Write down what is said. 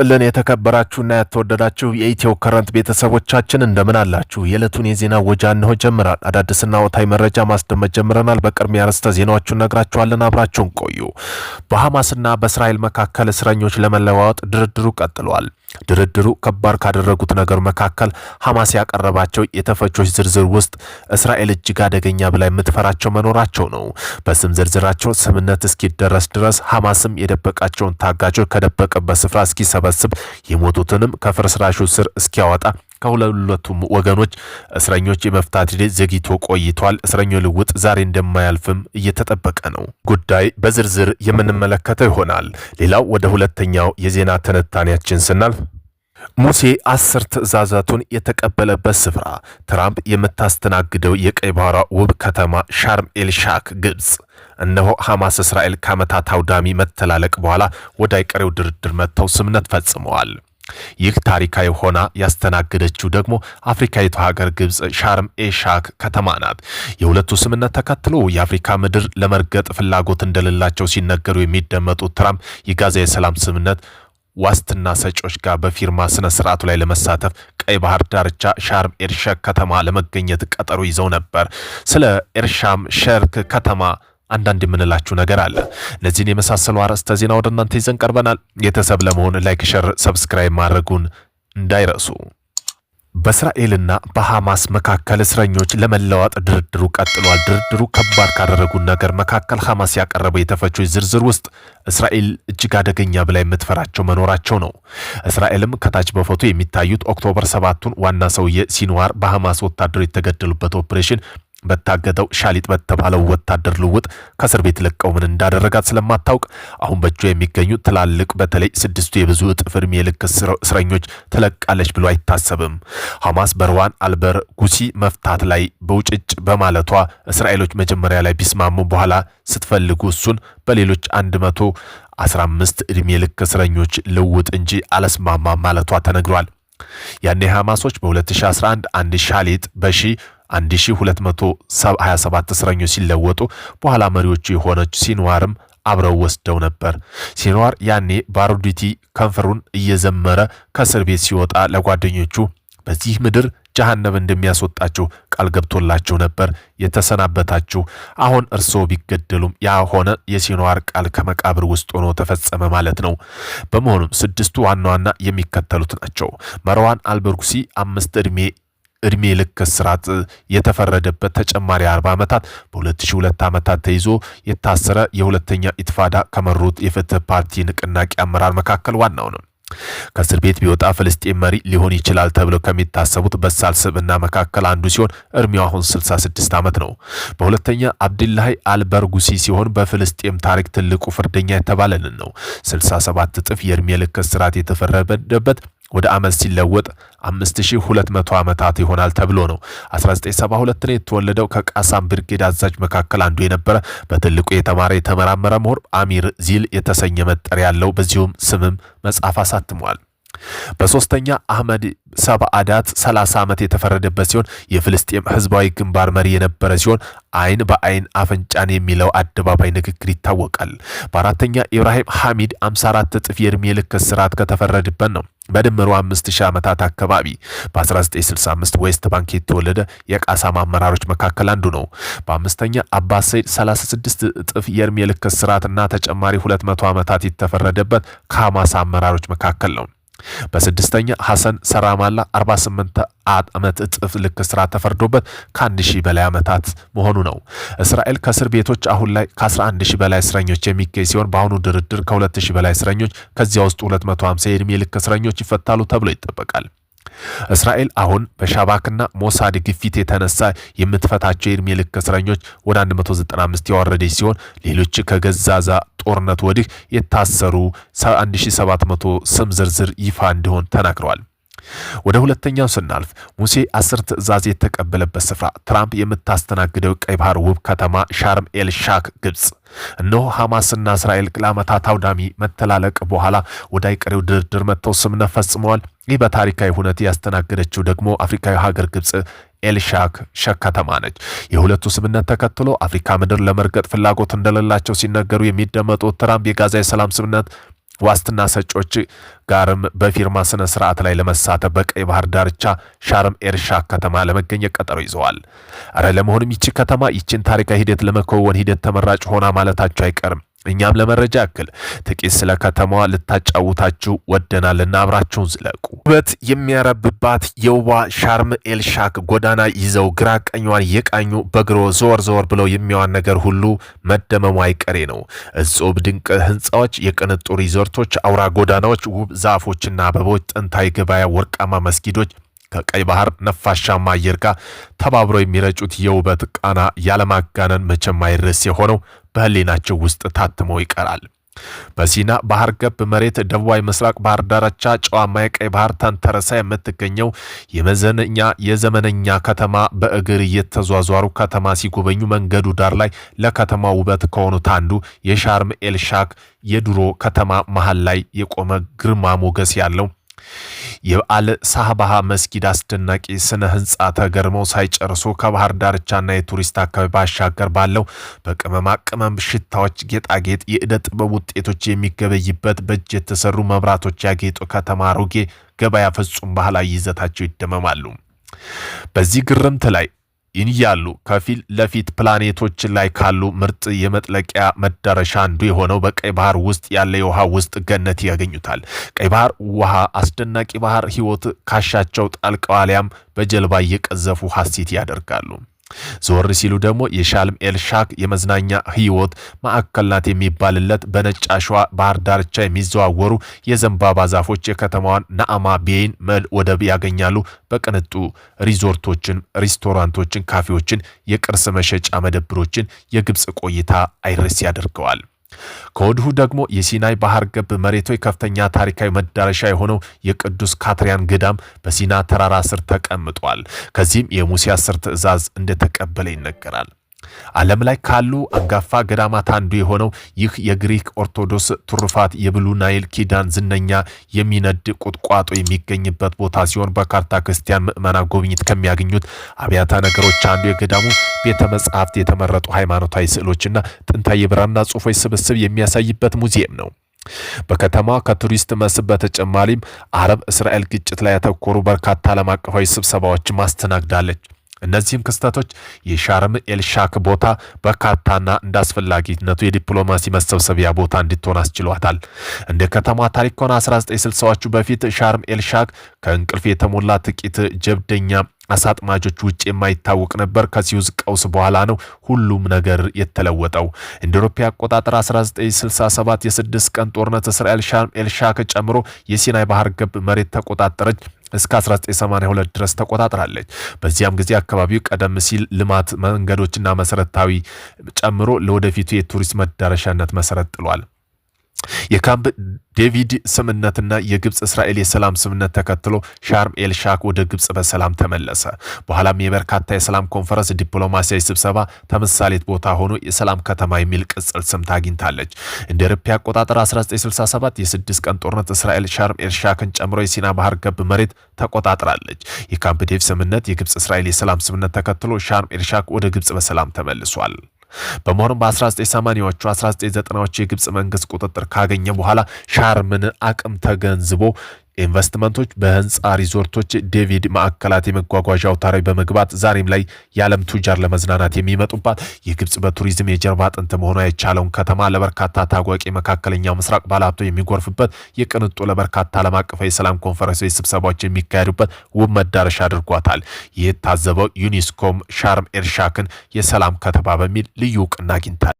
ይስጥልን የተከበራችሁና ያተወደዳችሁ የኢትዮ ከረንት ቤተሰቦቻችን እንደምን አላችሁ? የዕለቱን የዜና ወጃ እንሆ ጀምራል። አዳዲስና ወታዊ መረጃ ማስደመጥ ጀምረናል። በቅድሚያ ርዕሰ ዜናዎቹን እነግራችኋለን። አብራችሁን ቆዩ። በሐማስና በእስራኤል መካከል እስረኞች ለመለዋወጥ ድርድሩ ቀጥሏል። ድርድሩ ከባድ ካደረጉት ነገር መካከል ሐማስ ያቀረባቸው የተፈቾች ዝርዝር ውስጥ እስራኤል እጅግ አደገኛ ብላ የምትፈራቸው መኖራቸው ነው። በስም ዝርዝራቸው ስምነት እስኪደረስ ድረስ ሐማስም የደበቃቸውን ታጋቾች ከደበቀበት ስፍራ እስኪሰበስብ የሞቱትንም ከፍርስራሹ ስር እስኪያወጣ ከሁለቱም ወገኖች እስረኞች የመፍታት ሂደት ዘግይቶ ቆይቷል። እስረኞ ልውጥ ዛሬ እንደማያልፍም እየተጠበቀ ነው። ጉዳይ በዝርዝር የምንመለከተው ይሆናል። ሌላው ወደ ሁለተኛው የዜና ትንታኔያችን ስናልፍ ሙሴ አስር ትዕዛዛቱን የተቀበለበት ስፍራ ትራምፕ የምታስተናግደው የቀይ ባህሯ ውብ ከተማ ሻርም ኤልሻክ ግብፅ። እነሆ ሐማስ እስራኤል ከዓመታት አውዳሚ መተላለቅ በኋላ ወደ አይቀሬው ድርድር መጥተው ስምነት ፈጽመዋል። ይህ ታሪካዊ ሆና ያስተናገደችው ደግሞ አፍሪካዊቱ ሀገር ግብፅ ሻርም ኤሻክ ከተማ ናት። የሁለቱ ስምነት ተከትሎ የአፍሪካ ምድር ለመርገጥ ፍላጎት እንደሌላቸው ሲነገሩ የሚደመጡት ትራምፕ የጋዛ የሰላም ስምነት ዋስትና ሰጪዎች ጋር በፊርማ ስነ ስርዓቱ ላይ ለመሳተፍ ቀይ ባህር ዳርቻ ሻርም ኤርሸክ ከተማ ለመገኘት ቀጠሮ ይዘው ነበር። ስለ ኤርሻም ሸርክ ከተማ አንዳንድ የምንላችሁ ነገር አለ። እነዚህን የመሳሰሉ አርዕስተ ዜና ወደ እናንተ ይዘን ቀርበናል። ቤተሰብ ለመሆን ላይክ፣ ሸር፣ ሰብስክራይብ ማድረጉን እንዳይረሱ። በእስራኤልና በሐማስ መካከል እስረኞች ለመለዋጥ ድርድሩ ቀጥሏል። ድርድሩ ከባድ ካደረጉን ነገር መካከል ሐማስ ያቀረበው የተፈቾች ዝርዝር ውስጥ እስራኤል እጅግ አደገኛ ብላ የምትፈራቸው መኖራቸው ነው። እስራኤልም ከታች በፎቶ የሚታዩት ኦክቶበር ሰባቱን ዋና ሰውዬ ሲንዋር በሐማስ ወታደሮች የተገደሉበት ኦፕሬሽን በታገተው ሻሊጥ በተባለው ወታደር ልውጥ ከእስር ቤት ለቀው ምን እንዳደረጋት ስለማታውቅ አሁን በእጇ የሚገኙ ትላልቅ በተለይ ስድስቱ የብዙ እጥፍ እድሜ ልክ እስረኞች ትለቃለች ብሎ አይታሰብም። ሐማስ በርዋን አልበር ጉሲ መፍታት ላይ በውጭጭ በማለቷ እስራኤሎች መጀመሪያ ላይ ቢስማሙ በኋላ ስትፈልጉ እሱን በሌሎች አንድ መቶ አስራ አምስት ልክ እስረኞች ልውጥ እንጂ አለስማማ ማለቷ ተነግሯል። ያኔ ሐማሶች በ2011 አንድ ሻሊጥ በሺ 1227 እስረኞች ሲለወጡ በኋላ መሪዎቹ የሆነች ሲንዋርም አብረው ወስደው ነበር። ሲንዋር ያኔ ባሩዲቲ ከንፈሩን እየዘመረ ከእስር ቤት ሲወጣ ለጓደኞቹ በዚህ ምድር ጀሃነብ እንደሚያስወጣቸው ቃል ገብቶላቸው ነበር የተሰናበታችሁ። አሁን እርስዎ ቢገደሉም ያ ሆነ ቃል ከመቃብር ውስጥ ሆኖ ተፈጸመ ማለት ነው። በመሆኑም ስድስቱ ዋና ዋና የሚከተሉት ናቸው። መርዋን አልበርጉሲ አምስት ዕድሜ እድሜ ልክ እስራት የተፈረደበት ተጨማሪ 40 ዓመታት በ2002 ዓመታት ተይዞ የታሰረ የሁለተኛ ኢትፋዳ ከመሩት የፍትህ ፓርቲ ንቅናቄ አመራር መካከል ዋናው ነው። ከእስር ቤት ቢወጣ ፍልስጤም መሪ ሊሆን ይችላል ተብለው ከሚታሰቡት በሳል ስብና መካከል አንዱ ሲሆን እድሜው አሁን 66 ዓመት ነው። በሁለተኛ አብድላሂ አልበርጉሲ ሲሆን በፍልስጤም ታሪክ ትልቁ ፍርደኛ የተባለልን ነው። 67 እጥፍ የእድሜ ልክ እስራት የተፈረደበት ወደ ዓመት ሲለወጥ 5200 ዓመታት ይሆናል ተብሎ ነው። 1972 ነው የተወለደው። ከቃሳም ብርጌድ አዛዥ መካከል አንዱ የነበረ በትልቁ የተማረ የተመራመረ ምሁር አሚር ዚል የተሰኘ መጠሪያ ያለው በዚሁም ስምም መጽሐፍ አሳትሟል። በሶስተኛ አህመድ ሰብአዳት 30 ዓመት የተፈረደበት ሲሆን የፍልስጤም ህዝባዊ ግንባር መሪ የነበረ ሲሆን አይን በአይን አፍንጫን የሚለው አደባባይ ንግግር ይታወቃል። በአራተኛ ኢብራሂም ሐሚድ 54 እጥፍ የእድሜ ልክ እስራት ከተፈረደበት ነው። በድምሩ 5000 ዓመታት አካባቢ በ1965 ዌስት ባንክ የተወለደ የቃሳማ አመራሮች መካከል አንዱ ነው። በአምስተኛ አባስ ሰይድ 36 እጥፍ የእድሜ ልክ እስራትና ተጨማሪ 200 ዓመታት የተፈረደበት ከሐማስ አመራሮች መካከል ነው። በስድስተኛ ሐሰን ሰራማላ 48 ዓመት እጥፍ ልክ ስራ ተፈርዶበት ከ1 ሺህ በላይ ዓመታት መሆኑ ነው። እስራኤል ከእስር ቤቶች አሁን ላይ ከ11 ሺህ በላይ እስረኞች የሚገኝ ሲሆን በአሁኑ ድርድር ከ2 ሺህ በላይ እስረኞች ከዚያ ውስጥ 250 የዕድሜ ልክ እስረኞች ይፈታሉ ተብሎ ይጠበቃል። እስራኤል አሁን በሻባክና ሞሳድ ግፊት የተነሳ የምትፈታቸው የእድሜ ልክ እስረኞች ወደ 195 የወረደች ሲሆን ሌሎች ከገዛዛ ጦርነት ወዲህ የታሰሩ 1700 ስም ዝርዝር ይፋ እንዲሆን ተናግረዋል። ወደ ሁለተኛው ስናልፍ ሙሴ አስር ትዕዛዝ የተቀበለበት ስፍራ ትራምፕ የምታስተናግደው ቀይ ባህር ውብ ከተማ ሻርም ኤል ሻክ ግብፅ። እነሆ ሐማስና እስራኤል ለዓመታት አውዳሚ መተላለቅ በኋላ ወደ አይቀሬው ድርድር መጥተው ስምነት ፈጽመዋል። ይህ በታሪካዊ ሁነት ያስተናገደችው ደግሞ አፍሪካዊ ሀገር ግብፅ ኤልሻክ ሸክ ከተማ ነች። የሁለቱ ስምነት ተከትሎ አፍሪካ ምድር ለመርገጥ ፍላጎት እንደሌላቸው ሲነገሩ የሚደመጡት ትራምፕ የጋዛ የሰላም ስምነት ዋስትና ሰጮች ጋርም በፊርማ ስነ ስርዓት ላይ ለመሳተፍ በቀይ ባህር ዳርቻ ሻርም ኤርሻ ከተማ ለመገኘት ቀጠሮ ይዘዋል። እረ ለመሆኑም ይቺ ከተማ ይችን ታሪካዊ ሂደት ለመከወን ሂደት ተመራጭ ሆና ማለታቸው አይቀርም። እኛም ለመረጃ ያክል ጥቂት ስለ ከተማዋ ልታጫውታችሁ ወደናልና አብራችሁን ዝለቁ። ውበት የሚያረብባት የውቧ ሻርም ኤልሻክ ጎዳና ይዘው ግራ ቀኟን እየቃኙ በግሮ ዘወር ዘወር ብለው የሚያዋን ነገር ሁሉ መደመሙ አይቀሬ ነው። እጹብ ድንቅ ህንፃዎች፣ የቅንጡ ሪዞርቶች፣ አውራ ጎዳናዎች፣ ውብ ዛፎችና አበቦች፣ ጥንታዊ ገበያ፣ ወርቃማ መስጊዶች ከቀይ ባህር ነፋሻማ አየር ጋር ተባብረው የሚረጩት የውበት ቃና ያለማጋነን መቼም አይረስ የሆነው በህሊናቸው ውስጥ ታትሞ ይቀራል። በሲና ባህር ገብ መሬት ደቡባዊ ምስራቅ ባህር ዳርቻ ጨዋማ የቀይ ባህር ተንተረሳ የምትገኘው የመዘነኛ የዘመነኛ ከተማ በእግር እየተዟዟሩ ከተማ ሲጎበኙ መንገዱ ዳር ላይ ለከተማ ውበት ከሆኑት አንዱ የሻርም ኤልሻክ የድሮ ከተማ መሃል ላይ የቆመ ግርማ ሞገስ ያለው ሳህባሃ መስጊድ አስደናቂ ስነ ህንፃ ተገርመው ሳይጨርሱ ከባህር ዳርቻና የቱሪስት አካባቢ ባሻገር ባለው በቅመማ ቅመም ሽታዎች፣ ጌጣጌጥ፣ የእደ ጥበብ ውጤቶች የሚገበይበት በእጅ የተሰሩ መብራቶች ያጌጡ ከተማ አሮጌ ገበያ ፍጹም ባህላዊ ይዘታቸው ይደመማሉ። በዚህ ግርምት ላይ ይንያሉ ከፊት ለፊት ፕላኔቶች ላይ ካሉ ምርጥ የመጥለቂያ መዳረሻ አንዱ የሆነው በቀይ ባህር ውስጥ ያለ የውሃ ውስጥ ገነት ያገኙታል። ቀይ ባህር ውሃ አስደናቂ ባህር ህይወት ካሻቸው ጣልቀው አሊያም በጀልባ እየቀዘፉ ሀሴት ያደርጋሉ። ዞር ሲሉ ደግሞ የሻልም ኤልሻክ የመዝናኛ ህይወት ማዕከል ናት የሚባልለት በነጭ አሸዋ ባህር ዳርቻ የሚዘዋወሩ የዘንባባ ዛፎች የከተማዋን ናአማ ቤይን መል ወደብ ያገኛሉ። በቅንጡ ሪዞርቶችን፣ ሬስቶራንቶችን፣ ካፌዎችን፣ የቅርስ መሸጫ መደብሮችን የግብፅ ቆይታ አይረስ ያደርገዋል። ከወዲሁ ደግሞ የሲናይ ባህር ገብ መሬቶች ከፍተኛ ታሪካዊ መዳረሻ የሆነው የቅዱስ ካትሪያን ገዳም በሲና ተራራ ስር ተቀምጧል። ከዚህም የሙሴ አስር ትእዛዝ እንደተቀበለ ይነገራል። ዓለም ላይ ካሉ አንጋፋ ገዳማት አንዱ የሆነው ይህ የግሪክ ኦርቶዶክስ ትሩፋት የብሉ ናይል ኪዳን ዝነኛ የሚነድ ቁጥቋጦ የሚገኝበት ቦታ ሲሆን በካርታ ክርስቲያን ምዕመና ጎብኝት ከሚያገኙት አብያተ ነገሮች አንዱ የገዳሙ ቤተ መጻሕፍት የተመረጡ ሃይማኖታዊ ስዕሎችና ጥንታዊ የብራና ጽሑፎች ስብስብ የሚያሳይበት ሙዚየም ነው። በከተማዋ ከቱሪስት መስህብ በተጨማሪም አረብ እስራኤል ግጭት ላይ ያተኮሩ በርካታ ዓለም አቀፋዊ ስብሰባዎችን ማስተናግዳለች። እነዚህም ክስተቶች የሻርም ኤልሻክ ቦታ በርካታና እንደ አስፈላጊነቱ የዲፕሎማሲ መሰብሰቢያ ቦታ እንድትሆን አስችሏታል። እንደ ከተማ ታሪክ ከሆነ 1960ዎቹ በፊት ሻርም ኤልሻክ ከእንቅልፍ የተሞላ ጥቂት ጀብደኛ አሳጥማጆች ውጭ የማይታወቅ ነበር። ከሲዩዝ ቀውስ በኋላ ነው ሁሉም ነገር የተለወጠው። እንደ አውሮፓ አቆጣጠር 1967 የስድስት ቀን ጦርነት እስራኤል ሻርም ኤልሻክ ጨምሮ የሲናይ ባህር ገብ መሬት ተቆጣጠረች። እስከ 1982 ድረስ ተቆጣጥራለች። በዚያም ጊዜ አካባቢው ቀደም ሲል ልማት መንገዶችና መሰረታዊ ጨምሮ ለወደፊቱ የቱሪስት መዳረሻነት መሰረት ጥሏል። የካምፕ ዴቪድ ስምነትና የግብፅ እስራኤል የሰላም ስምነት ተከትሎ ሻርም ኤልሻክ ወደ ግብፅ በሰላም ተመለሰ። በኋላም የበርካታ የሰላም ኮንፈረንስ ዲፕሎማሲያዊ ስብሰባ ተምሳሌት ቦታ ሆኖ የሰላም ከተማ የሚል ቅጽል ስም ታግኝታለች። እንደ ርፒ አቆጣጠር 1967 የስድስት ቀን ጦርነት እስራኤል ሻርም ኤልሻክን ጨምሮ የሲና ባህር ገብ መሬት ተቆጣጥራለች። የካምፕ ዴቪድ ስምነት፣ የግብፅ እስራኤል የሰላም ስምነት ተከትሎ ሻርም ኤልሻክ ወደ ግብፅ በሰላም ተመልሷል። በመሆኑም በ1980ዎቹ 1990ዎቹ የግብፅ መንግስት ቁጥጥር ካገኘ በኋላ ሻርምን አቅም ተገንዝቦ ኢንቨስትመንቶች በህንፃ ሪዞርቶች፣ ዴቪድ ማዕከላት የመጓጓዣ አውታራዊ በመግባት ዛሬም ላይ የዓለም ቱጃር ለመዝናናት የሚመጡባት የግብፅ በቱሪዝም የጀርባ አጥንት መሆኗ የቻለውን ከተማ ለበርካታ ታዋቂ መካከለኛው ምስራቅ ባለሀብቶ የሚጎርፍበት የቅንጡ ለበርካታ ዓለም አቀፍ የሰላም ኮንፈረንሶች ስብሰባዎች የሚካሄዱበት ውብ መዳረሻ አድርጓታል። ይህ ታዘበው ዩኒስኮም ሻርም ኤርሻክን የሰላም ከተማ በሚል ልዩ እውቅና አግኝታል።